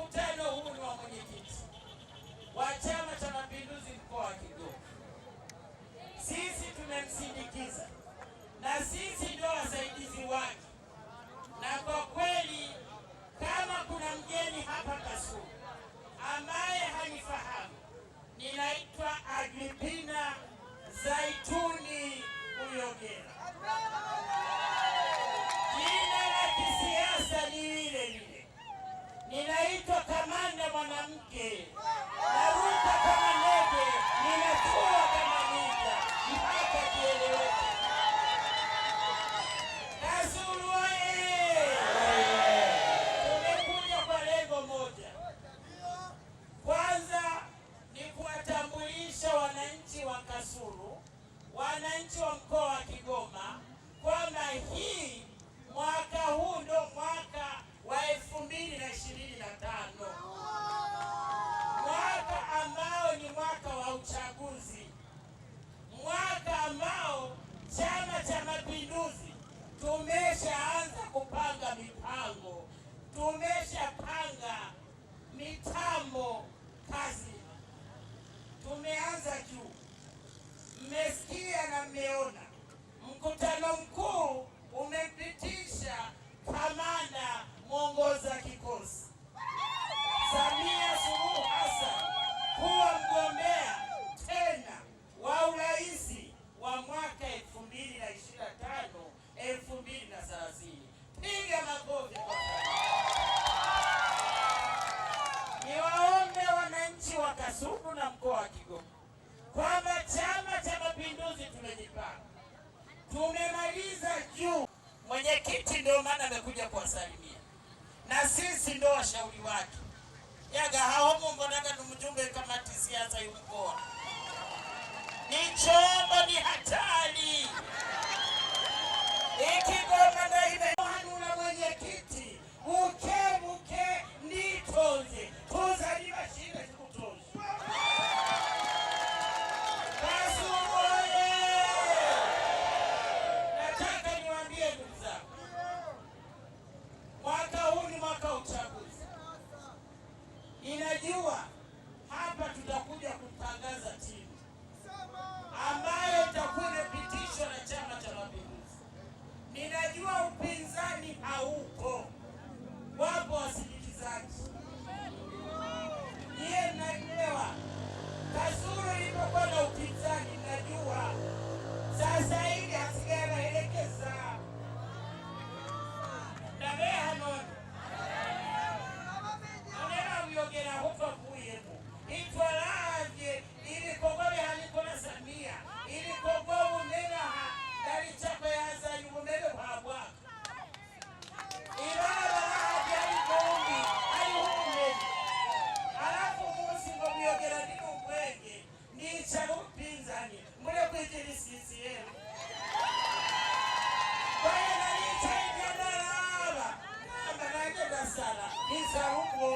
Mkutano huu ni wa mwenyekiti wa Chama cha Mapinduzi mkoa wa Kigoma. Sisi tumemsindikiza na sisi ndio wasaidizi wake, na kwa kweli kama kuna mgeni hapa Kasulu ambaye hanifahamu, ninaitwa Agripina Zaituni Muyogera. ninaitwa kamanda mwanamke, naruka kama ndege, ninasua kama ninja, mpaka kieleweke. Kasulu oye! Tumekuja kwa lengo moja. Kwanza ni kuwatambulisha wananchi wa Kasulu, wananchi wa mkoa tumeshapanga mitambo kazi, tumeanza juu, mmesikia na mmeona mkutano mkuu kwamba Chama cha Mapinduzi tumejipanga, tumemaliza juu. Mwenyekiti ndio maana amekuja kuwasalimia na sisi ndio washauri wake. yaga haomo mbonaka ni mjumbe kamati siasa ya mkoa, ni chombo, ni hatari ikigoma. Ndio mwenyekiti uke Hiza huko